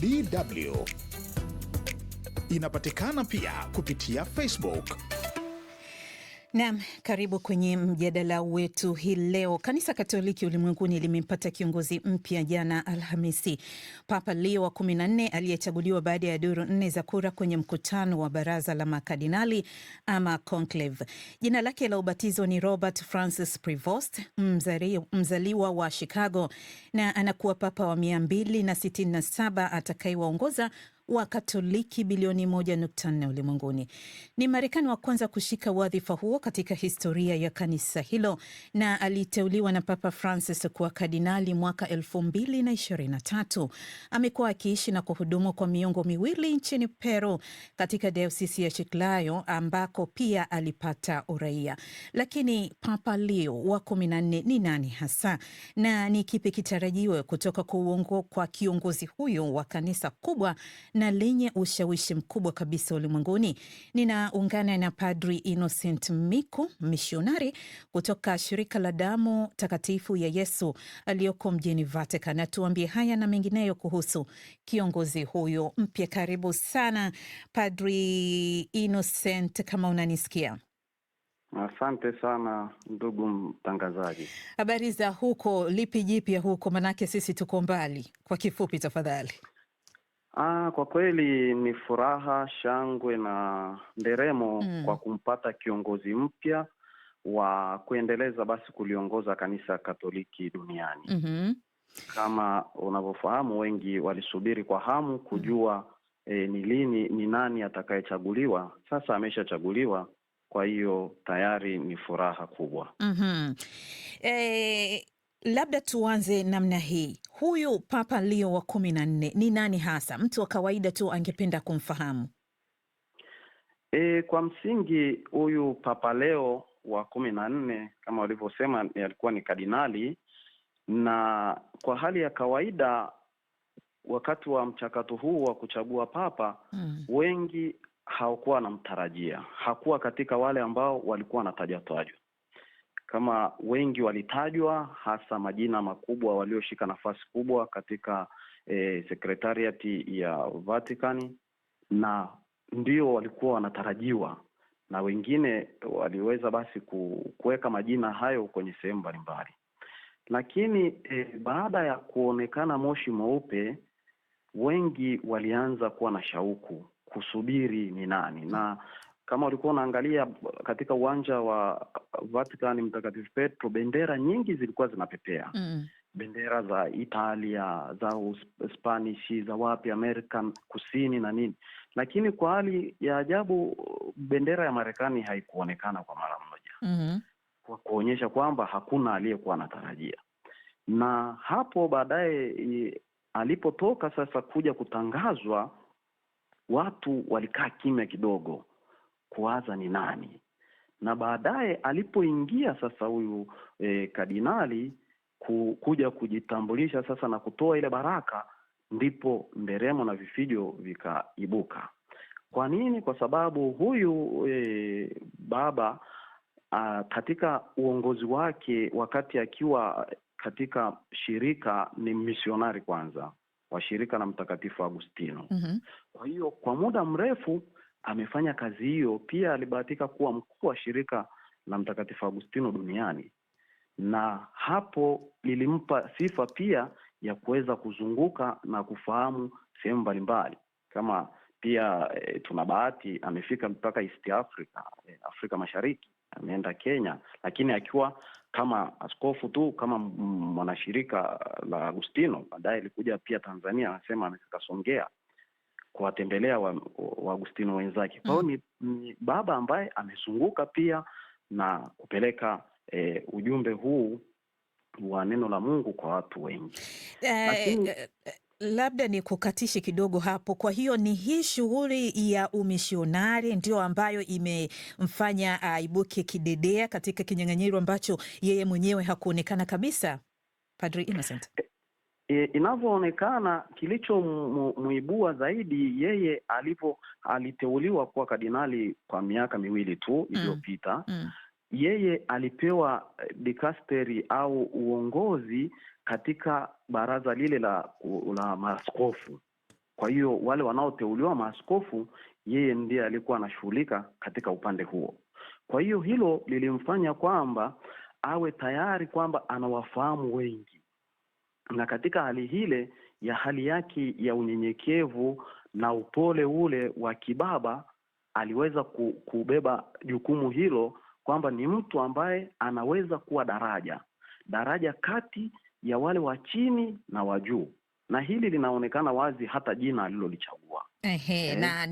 DW inapatikana pia kupitia Facebook. Naam, karibu kwenye mjadala wetu hii leo. Kanisa Katoliki ulimwenguni limempata kiongozi mpya jana Alhamisi. Papa Leo wa 14 aliyechaguliwa baada ya duru nne za kura kwenye mkutano wa baraza la makardinali ama conclave. Jina lake la ubatizo ni Robert Francis Prevost, mzaliwa wa Chicago, na anakuwa papa wa 267 atakayewaongoza Wakatoliki bilioni 1.4 ulimwenguni. Ni Marekani wa kwanza kushika wadhifa huo katika historia ya kanisa hilo na aliteuliwa na Papa Francis kuwa kardinali mwaka 2023. Amekuwa akiishi na kuhudumu kwa miongo miwili nchini Peru katika dayosisi ya Chiclayo ambako pia alipata uraia. Lakini Papa Leo wa 14 ni nani hasa na ni kipi kitarajiwe kutoka kwa uongo kwa kiongozi huyo wa kanisa kubwa na lenye ushawishi mkubwa kabisa ulimwenguni. Ninaungana na Padri Innocent Miku, mishonari kutoka shirika la damu takatifu ya Yesu aliyoko mjini Vatican, atuambie haya na mengineyo kuhusu kiongozi huyo mpya. Karibu sana Padri Innocent, kama unanisikia. Asante sana ndugu mtangazaji. Habari za huko, lipi jipya huko? Manake sisi tuko mbali. Kwa kifupi tafadhali. Ah, kwa kweli ni furaha, shangwe na nderemo mm. kwa kumpata kiongozi mpya wa kuendeleza basi kuliongoza kanisa Katoliki duniani mm -hmm. Kama unavyofahamu wengi walisubiri kwa hamu mm. kujua mm. E, ni lini ni nani atakayechaguliwa. Sasa ameshachaguliwa, kwa hiyo tayari ni furaha kubwa mm -hmm. E, Labda tuanze namna hii. Huyu Papa Leo wa kumi na nne ni nani hasa? Mtu wa kawaida tu angependa kumfahamu. E, kwa msingi huyu Papa Leo wa kumi na nne kama walivyosema alikuwa ni kardinali, na kwa hali ya kawaida wakati wa mchakato huu wa kuchagua papa mm, wengi hawakuwa wanamtarajia, hakuwa katika wale ambao walikuwa wanataja kama wengi walitajwa, hasa majina makubwa walioshika nafasi kubwa katika e, eh, sekretariati ya Vatican, na ndio walikuwa wanatarajiwa, na wengine waliweza basi kuweka majina hayo kwenye sehemu mbalimbali. Lakini e, baada ya kuonekana moshi mweupe, wengi walianza kuwa na shauku kusubiri ni nani, na kama ulikuwa unaangalia katika uwanja wa Vatican Mtakatifu Petro, bendera nyingi zilikuwa zinapepea mm. bendera za Italia, za Spanish, za wapi Amerika Kusini na nini, lakini kwa hali ya ajabu bendera ya Marekani haikuonekana kwa mara moja mm -hmm. kwa kuonyesha kwamba hakuna aliyekuwa anatarajia, na hapo baadaye alipotoka sasa kuja kutangazwa, watu walikaa kimya kidogo kuwaza ni nani, na baadaye alipoingia sasa huyu e, kardinali ku, kuja kujitambulisha sasa na kutoa ile baraka, ndipo nderemo na vifijo vikaibuka. Kwa nini? Kwa sababu huyu e, baba a, katika uongozi wake wakati akiwa katika shirika ni misionari kwanza wa shirika la Mtakatifu Agustino. mm -hmm. Kwa hiyo kwa muda mrefu amefanya kazi hiyo. Pia alibahatika kuwa mkuu wa shirika la Mtakatifu Agustino duniani, na hapo lilimpa sifa pia ya kuweza kuzunguka na kufahamu sehemu mbalimbali kama pia e, tuna bahati amefika mpaka East Africa e, Afrika Mashariki, ameenda Kenya, lakini akiwa kama askofu tu, kama mwanashirika la Agustino. Baadaye alikuja pia Tanzania, anasema amefika Songea, kuwatembelea Waagustino wa wenzake. Kwa hiyo mm. ni, ni baba ambaye amezunguka pia na kupeleka e, ujumbe huu wa neno la Mungu kwa watu wengi eh, lakini eh, eh labda ni kukatishi kidogo hapo. Kwa hiyo ni hii shughuli ya umishonari ndio ambayo imemfanya ah, aibuke kidedea katika kinyang'anyiro ambacho yeye mwenyewe hakuonekana kabisa, Padri Innocent. Eh, E, inavyoonekana kilichomwibua zaidi yeye alivyo aliteuliwa kuwa kardinali kwa miaka miwili tu mm. iliyopita. mm. mm. Yeye alipewa eh, dikasteri au uongozi katika baraza lile la, la maaskofu. Kwa hiyo wale wanaoteuliwa maaskofu, yeye ndiye alikuwa anashughulika katika upande huo. Kwa hiyo hilo lilimfanya kwamba awe tayari kwamba anawafahamu wengi na katika hali hile ya hali yake ya unyenyekevu na upole ule wa kibaba aliweza kubeba jukumu hilo kwamba ni mtu ambaye anaweza kuwa daraja daraja kati ya wale wa chini na wa juu, na hili linaonekana wazi hata jina alilolichagua. Ehe, eh. Na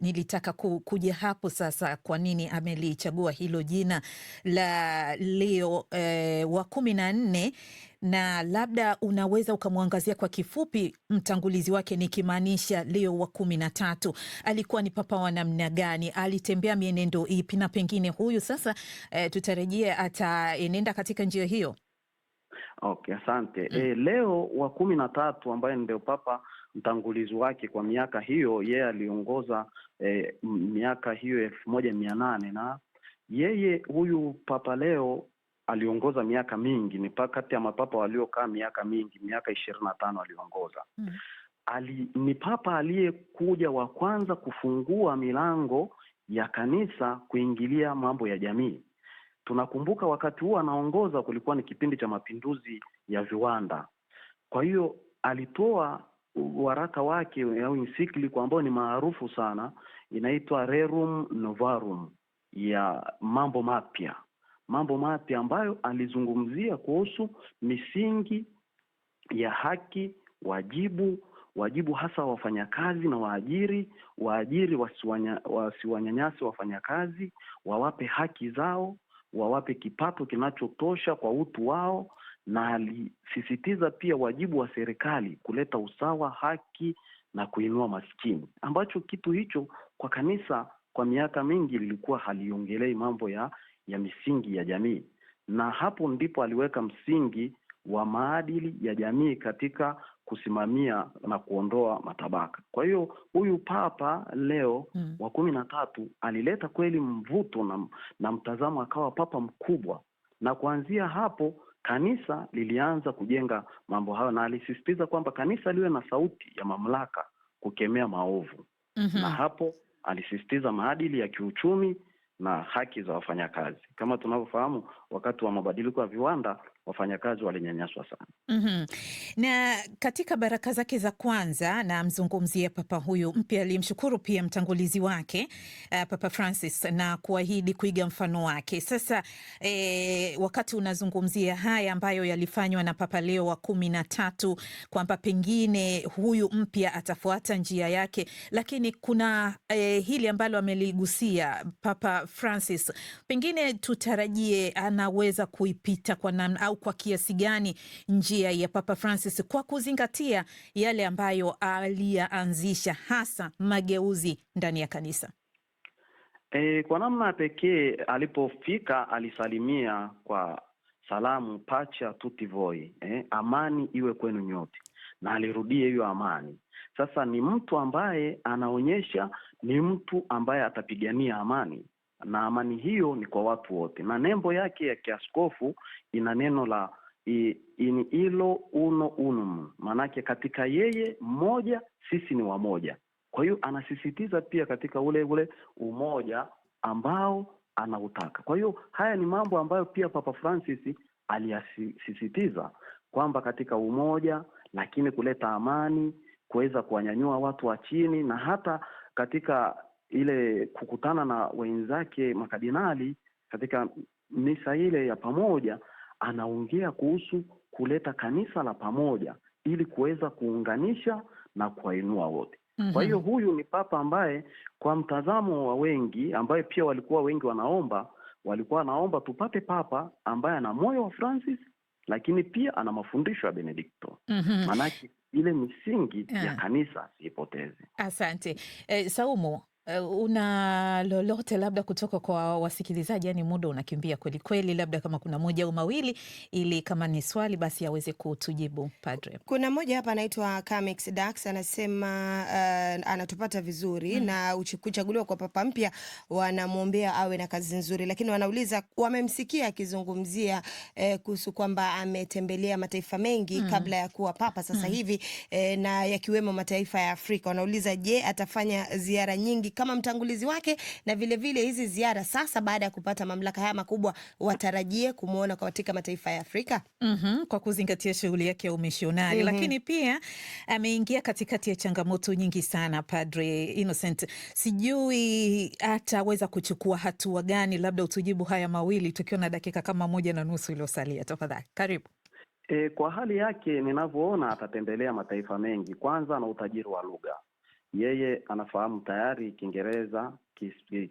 nilitaka ni kuja hapo sasa, kwa nini amelichagua hilo jina la Leo eh, wa kumi na nne na labda unaweza ukamwangazia kwa kifupi mtangulizi wake nikimaanisha Leo wa kumi na tatu alikuwa ni papa wa namna gani? Alitembea mienendo ipi? Na pengine huyu sasa e, eh, tutarejia ataenenda katika njia hiyo. Okay, asante mm. E, Leo wa kumi na tatu ambaye ndio papa mtangulizi wake kwa miaka hiyo, yeye aliongoza e, miaka hiyo elfu moja mia nane na yeye huyu Papa Leo aliongoza miaka mingi, ni kati ya mapapa waliokaa miaka mingi, miaka ishirini na tano aliongoza mm. Ali, ni papa aliyekuja wa kwanza kufungua milango ya kanisa kuingilia mambo ya jamii. Tunakumbuka wakati huo anaongoza, kulikuwa ni kipindi cha mapinduzi ya viwanda. Kwa hiyo alitoa waraka wake au encyclical ambayo ni maarufu sana, inaitwa Rerum Novarum, ya mambo mapya mambo mapya ambayo alizungumzia kuhusu misingi ya haki, wajibu wajibu hasa wa wafanyakazi na waajiri, waajiri wasiwanyanyasi wafanyakazi, wawape haki zao, wawape kipato kinachotosha kwa utu wao, na alisisitiza pia wajibu wa serikali kuleta usawa, haki na kuinua maskini, ambacho kitu hicho kwa kanisa kwa miaka mingi lilikuwa haliongelei mambo ya ya misingi ya jamii, na hapo ndipo aliweka msingi wa maadili ya jamii katika kusimamia na kuondoa matabaka. Kwa hiyo huyu Papa Leo mm. wa kumi na tatu alileta kweli mvuto na, na mtazamo, akawa papa mkubwa, na kuanzia hapo kanisa lilianza kujenga mambo hayo, na alisisitiza kwamba kanisa liwe na sauti ya mamlaka kukemea maovu mm -hmm. na hapo alisisitiza maadili ya kiuchumi na haki za wafanyakazi. Kama tunavyofahamu, wakati wa mabadiliko ya viwanda wafanyakazi walinyanyaswa sana. mm -hmm. Na katika baraka zake za kwanza na mzungumzia papa huyu mpya aliyemshukuru pia mtangulizi wake uh, Papa Francis na kuahidi kuiga mfano wake. Sasa eh, wakati unazungumzia haya ambayo yalifanywa na Papa Leo wa kumi na tatu kwamba pengine huyu mpya atafuata njia yake, lakini kuna eh, hili ambalo ameligusia Papa Francis, pengine tutarajie anaweza kuipita kwa namna au kwa kiasi gani njia ya Papa Francis kwa kuzingatia yale ambayo aliyaanzisha hasa mageuzi ndani ya kanisa? E, kwa namna pekee alipofika alisalimia kwa salamu pacha tutivoi voi, e, eh, amani iwe kwenu nyote, na alirudia hiyo amani. Sasa ni mtu ambaye anaonyesha ni mtu ambaye atapigania amani na amani hiyo ni kwa watu wote, na nembo yake ya kiaskofu ina neno la in ilo uno unum, maanake katika yeye mmoja sisi ni wamoja. Kwa hiyo anasisitiza pia katika ule ule umoja ambao anautaka. Kwa hiyo haya ni mambo ambayo pia Papa Francis aliyasisitiza kwamba katika umoja, lakini kuleta amani, kuweza kuwanyanyua watu wa chini na hata katika ile kukutana na wenzake makadinali katika misa ile ya pamoja, anaongea kuhusu kuleta kanisa la pamoja ili kuweza kuunganisha na kuwainua wote. Mm -hmm. Kwa hiyo mhm. huyu ni papa ambaye kwa mtazamo wa wengi, ambaye pia walikuwa wengi wanaomba, walikuwa wanaomba tupate papa ambaye ana moyo wa Francis, lakini pia ana mafundisho ya Benedikto. Mm -hmm. Maanake ile misingi yeah, ya eh. kanisa siipoteze. Asante. Eh, Saumu Uh, una lolote labda kutoka kwa wasikilizaji? Yani muda unakimbia kweli kweli, labda kama kuna moja au mawili, ili kama ni swali basi aweze kutujibu padre. Kuna moja hapa anaitwa Kamix Dax anasema uh, anatupata vizuri hmm. na kuchaguliwa kwa papa mpya wanamwombea awe na kazi nzuri, lakini wanauliza wamemsikia akizungumzia eh, kuhusu kwamba ametembelea mataifa mengi hmm. kabla ya kuwa papa sasa hmm. hivi eh, na yakiwemo mataifa ya Afrika. Wanauliza je, atafanya ziara nyingi kama mtangulizi wake, na vilevile hizi ziara sasa, baada ya kupata mamlaka haya makubwa, watarajie kumwona katika mataifa ya Afrika mm -hmm, kwa kuzingatia shughuli yake ya umishonari mm -hmm. Lakini pia ameingia katikati ya changamoto nyingi sana, Padre Innocent, sijui ataweza kuchukua hatua gani, labda utujibu haya mawili tukiwa na dakika kama moja na nusu iliyosalia. Tafadhali karibu. E, kwa hali yake ninavyoona atatembelea mataifa mengi. Kwanza na utajiri wa lugha, yeye anafahamu tayari Kiingereza,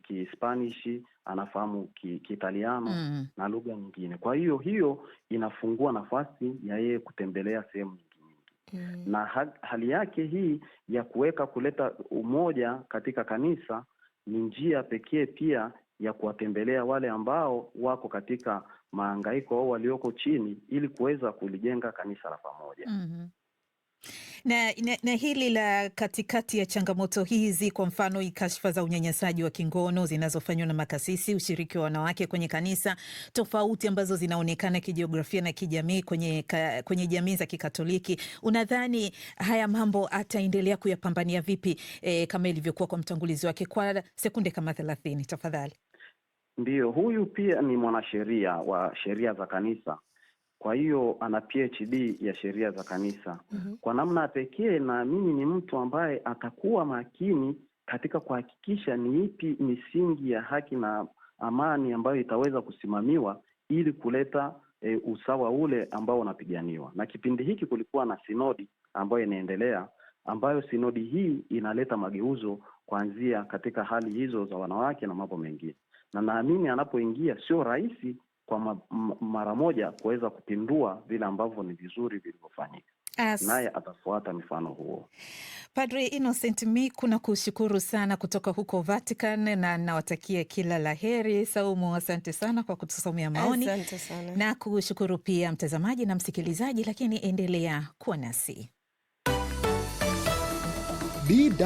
Kispanishi, anafahamu Kiitaliano mm. na lugha nyingine. Kwa hiyo hiyo inafungua nafasi ya yeye kutembelea sehemu nyingi mm. na hali yake hii ya kuweka kuleta umoja katika kanisa ni njia pekee pia ya kuwatembelea wale ambao wako katika maangaiko au walioko chini ili kuweza kulijenga kanisa la pamoja. mm -hmm. Na, na, na hili la katikati ya changamoto hizi, kwa mfano kashfa za unyanyasaji wa kingono zinazofanywa na makasisi, ushiriki wa wanawake kwenye kanisa, tofauti ambazo zinaonekana kijiografia na kijamii kwenye, ka, kwenye jamii za Kikatoliki, unadhani haya mambo ataendelea kuyapambania vipi? E, kama ilivyokuwa kwa mtangulizi wake, kwa sekunde kama thelathini tafadhali. Ndiyo, huyu pia ni mwanasheria wa sheria za kanisa kwa hiyo ana PhD ya sheria za kanisa. mm -hmm. Kwa namna pekee, naamini ni mtu ambaye atakuwa makini katika kuhakikisha ni ipi misingi ya haki na amani ambayo itaweza kusimamiwa ili kuleta e, usawa ule ambao unapiganiwa. Na kipindi hiki kulikuwa na sinodi ambayo inaendelea, ambayo sinodi hii inaleta mageuzo kuanzia katika hali hizo za wanawake na mambo mengine, na naamini anapoingia sio rahisi kwa ma, mara moja kuweza kupindua vile ambavyo ni vizuri vilivyofanyika naye atafuata mfano huo. Padre Innocent Miku, na kushukuru sana kutoka huko Vatican na nawatakia kila la heri. Saumu, asante sana kwa kutusomea maoni. Asante sana. Na kushukuru pia mtazamaji na msikilizaji, lakini endelea kuwa nasi.